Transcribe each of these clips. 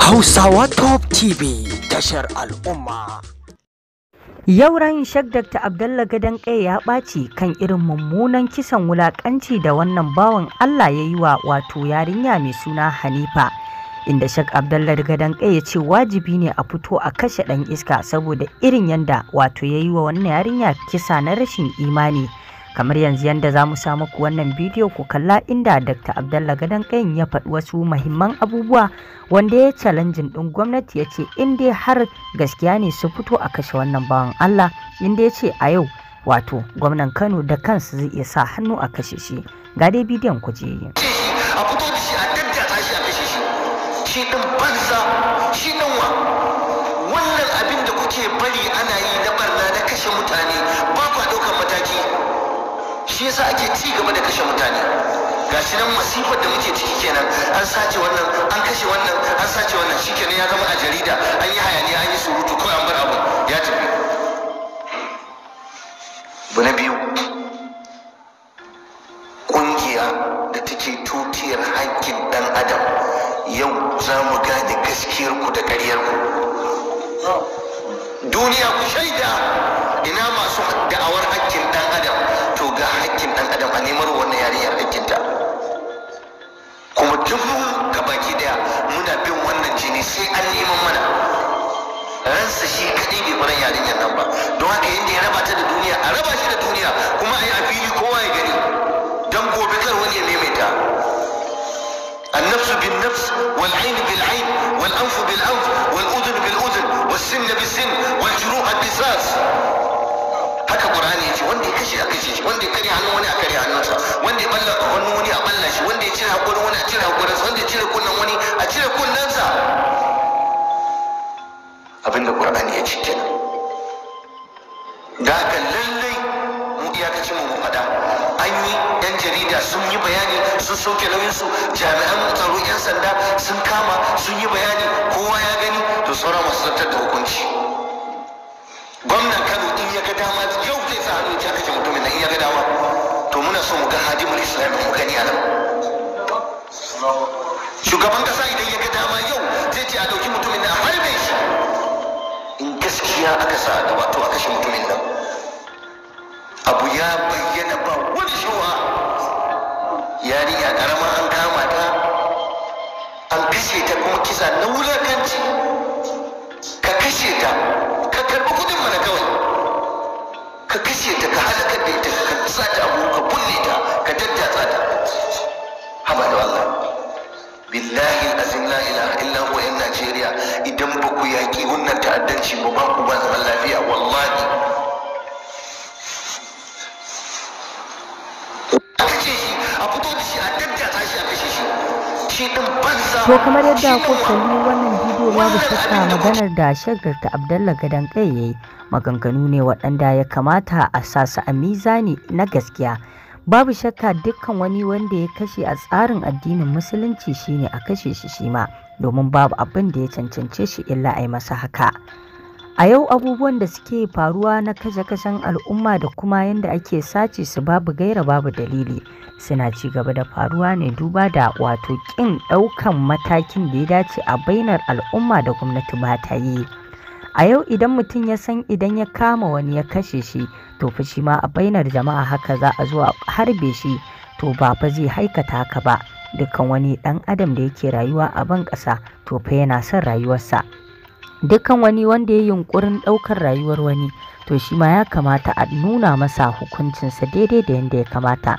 Hausawa Top TV tashar al'umma. Yau Ran shek Dr. Abdullah Gadon Kai ya ɓaci kan irin mummunan kisan wulaƙanci da wannan bawan Allah ya yi wa wato yarinya mai suna Hanifa. Inda shek Abdullah Gadon Kai ya ce wajibi ne a fito a kashe ɗan iska saboda irin yanda wato ya yi wa wannan yarinya kisa na rashin imani. kamar yanzu yadda za mu samu ku wannan bidiyo ku kalla inda dr abdallah gadon kayan ya faɗi wasu mahimman abubuwa wanda ya challenge ɗin gwamnati ya ce in dai har gaskiya ne su fito a kashe wannan bawan allah in dai ya ce a yau wato gwamnan kano da kansu zai iya sa hannu a kashe shi ga dai bidiyon ku je yi yasa ake ci gaba da kashe mutane gashi nan masifar da muke ciki kenan an sace wannan an kashe wannan an sace wannan shikenan ya zama a jarida an yi hayaniya an yi surutu ko an bar abu ya tafi bu na biyu kungiya da take tutiyar hakkin dan adam yau za mu gane gaskiyar ku da ƙaryar ku duniya ku shaida ina masu hankali sai an neman mana ransa shi kadai bai barin yarinyar nan ba don haka yadda ya raba ta da duniya a raba shi da duniya kuma a yi a fili kowa ya gani don gobe kar wani ya maimaita النفس بالنفس والعين بالعين والأنف بالأنف والأذن بالأذن والسن بالسن والجروح القصاص haka qur'ani yace wanda ya kashe a kashe shi wanda ya kare hannun wani a kare hannunsa wanda ya balla hannun wani a balla shi wanda ya cire hakorin wani a cire hakorinsa wanda ya cire kunnen wani a cire kunnen abinda ƙur'ani ya ci kenan da haka lallai mu iyakacin mu faɗa an yi yan jarida sun yi bayani sun soke su jami'an tsaro yan sanda sun kama sun yi bayani kowa ya gani to sauran masu zartar da hukunci gwamnan kano in ya ga dama yau zai sa hannu ya kashe mutumin nan in ya ga dama to muna so mu ga hadimul islam mu gani a nan shugaban kasa idan ya ga dama yau zai ce a ɗauki mutumin nan har harbe shi gaskiya aka sa a gaba to a kashe mutumin nan abu ya bayyana ba wani Yari a karama an kama ta an kashe ta kuma kisa na wulakanci ka kashe ta ka karɓi kudin mana kawai ka kashe ta ka halakar da ita ka sa ta abu ka bulle ta ka daddatsa ta haba da wallah billahi azim la ilaha illa huwa yan najeriya idan ba ku yaƙi wannan ta'addanci ba ba ku ba zaman lafiya wallahi To kamar yadda ku kalli wannan bidiyo ya shakka maganar da shagarta Abdallah Gadan kai yayi maganganu ne waɗanda ya kamata a sasa a mizani na gaskiya babu shakka dukkan wani wanda ya kashe a tsarin addinin musulunci shine a kashe shi shi ma domin babu abin da ya cancance shi illa a yi masa haka a yau abubuwan da suke faruwa na kashe-kashen al'umma da kuma yadda ake sace su babu gaira babu dalili suna ci gaba da faruwa ne duba da wato ƙin ɗaukan matakin da ya dace a bainar al'umma da gwamnati ba ta yi a yau idan mutum ya san idan ya kama wani ya kashe shi to fa shi ma a bainar jama'a haka za a zo a harbe shi to ba fa zai haikata haka ba dukkan wani ɗan adam da yake rayuwa a ban ƙasa to fa yana son rayuwarsa dukkan wani wanda ya yunkurin ɗaukar rayuwar wani to shi ma ya kamata a nuna masa hukuncinsa daidai da yadda ya kamata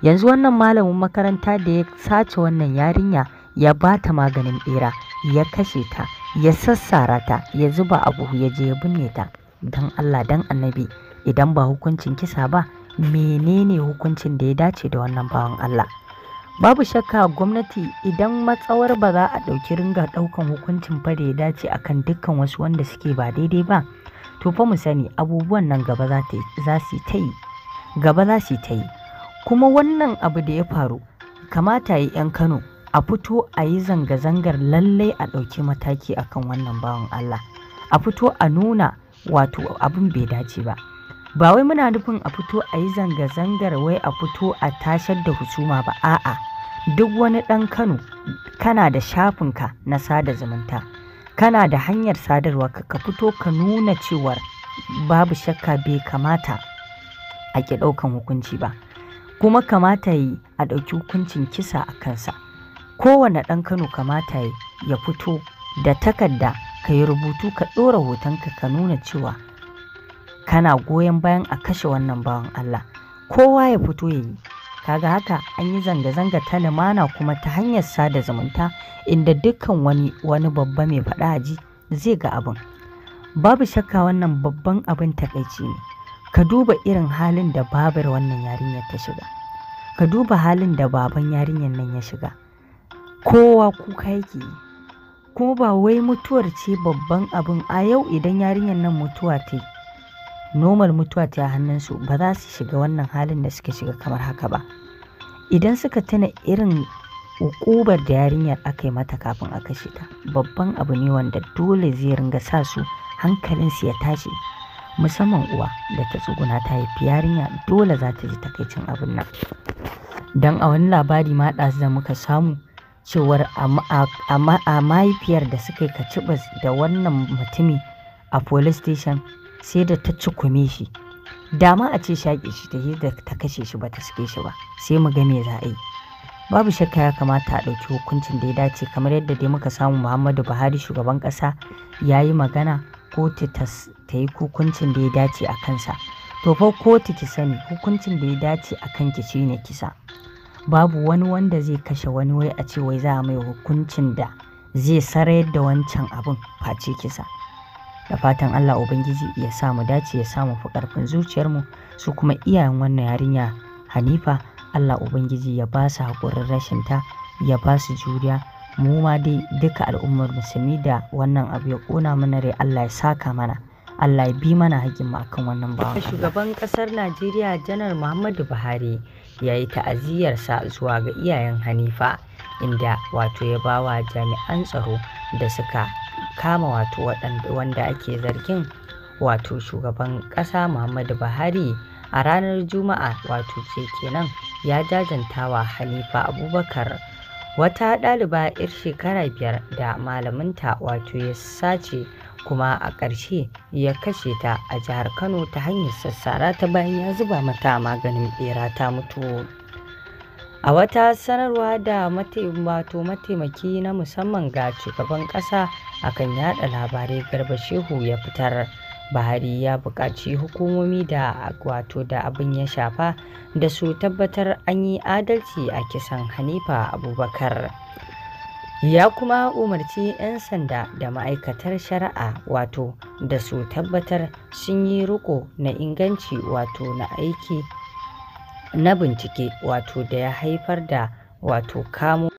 yanzu wannan malamin makaranta da ya sace wannan yarinya ya ba ta maganin ɓera ya kashe ta ya sassara ta ya zuba a buhu ya je ya binne ta don allah don annabi idan ba hukuncin kisa ba menene hukuncin da ya dace da wannan bawan Allah babu shakka gwamnati idan matsawar ba za a ɗauki ringa ɗaukan hukuncin fa da ya dace akan dukkan wasu wanda suke ba daidai ba to fa mu sani abubuwan nan gaba za su ta yi gaba za su ta yi kuma wannan abu da ya faru kamata yi 'yan kano a fito a yi zanga-zangar lallai a ɗauki mataki akan wannan bawan Allah a fito a nuna wato abin bai dace ba ba wai muna nufin a fito a yi zanga-zangar wai a fito a tashar da husuma ba a'a duk wani ɗan kano kana da shafinka na sada zumunta kana da hanyar sadarwa ka fito ka nuna cewar babu shakka bai kamata a ki ɗaukan hukunci ba kuma kamata yi a ɗauki hukuncin kisa a kansa kowane ɗan kano kamata ya fito da takarda ka yi rubutu ka ɗora hotonka ka nuna cewa kana goyon bayan a kashe wannan bawan Allah kowa ya fito ya yi kaga haka an yi zanga-zanga ta limana kuma ta hanyar sada zumunta inda dukkan wani wani babba mai faɗa ji zai ga abin babu shakka wannan babban abin takaici ne ka duba irin halin da babar wannan yarinyar ta shiga ka duba halin da baban yarinyar nan ya shiga kowa kuka yake yi kuma ba wai mutuwar ce babban abin a yau idan yarinyar nan mutuwa ta yi nomar mutuwa ta hannunsu ba za su shiga wannan halin da suka shiga kamar haka ba idan suka tuna irin hukubar da yarinyar aka yi mata kafin a kashe ta babban abu ne wanda dole zai ringa sa su hankalinsu ya tashi musamman uwa da ta tsuguna ta haifi yarinya dole za ta ji takaicin abin nan don a wani labari ma ɗazu da muka samu cewar a mahaifiyar da suka yi kacibas da wannan mutumi a police station sai da ta cikume shi dama a ce shaƙe shi ta da ta kashe shi ba ta sike shi ba sai mu ga me za a yi babu shakka ya kamata a ɗauki hukuncin da ya dace kamar yadda dai muka samu muhammadu buhari shugaban ƙasa ya yi magana kotu ta yi hukuncin da ya dace a kansa to fa kotu ki sani hukuncin da ya dace a kan ki shine kisa babu wani wanda zai kashe wani wai a ce wai za a mai hukuncin da zai sarar da wancan abin face kisa da fatan Allah Ubangiji ya sa mu dace ya samu fi ƙarfin zuciyarmu su kuma iyayen wannan yarinya Hanifa Allah Ubangiji ya ba su haƙurin rashin ta ya ba su juriya mu ma dai duka al'ummar musulmi da wannan abu ya ƙona mana rai Allah ya saka mana Allah ya bi mana hakkin mu akan wannan bawa shugaban ƙasar Najeriya janar Muhammadu Buhari ya yi ta'aziyyarsa zuwa ga iyayen Hanifa inda wato ya bawa jami'an tsaro da suka kama wato wanda ake zargin wato shugaban ƙasa Muhammadu Buhari a ranar Juma'a wato ce kenan ya jajanta wa Halifa Abubakar wata ɗaliba 'yar shekara biyar da malaminta wato ya sace kuma a ƙarshe ya kashe ta a jihar Kano ta hanyar sassara ta bayan ya zuba mata maganin ɓera ta mutu. a wata sanarwa da wato mataimaki na musamman ga shugaban ƙasa kan yada labarai garba shehu ya fitar buhari ya buƙaci hukumomi da wato da abin ya shafa da su tabbatar an yi adalci a kisan hanifa abubakar ya kuma umarci 'yan sanda da ma'aikatar shari'a wato da su tabbatar sun yi riko na inganci wato na aiki na bincike wato da ya haifar da wato kamo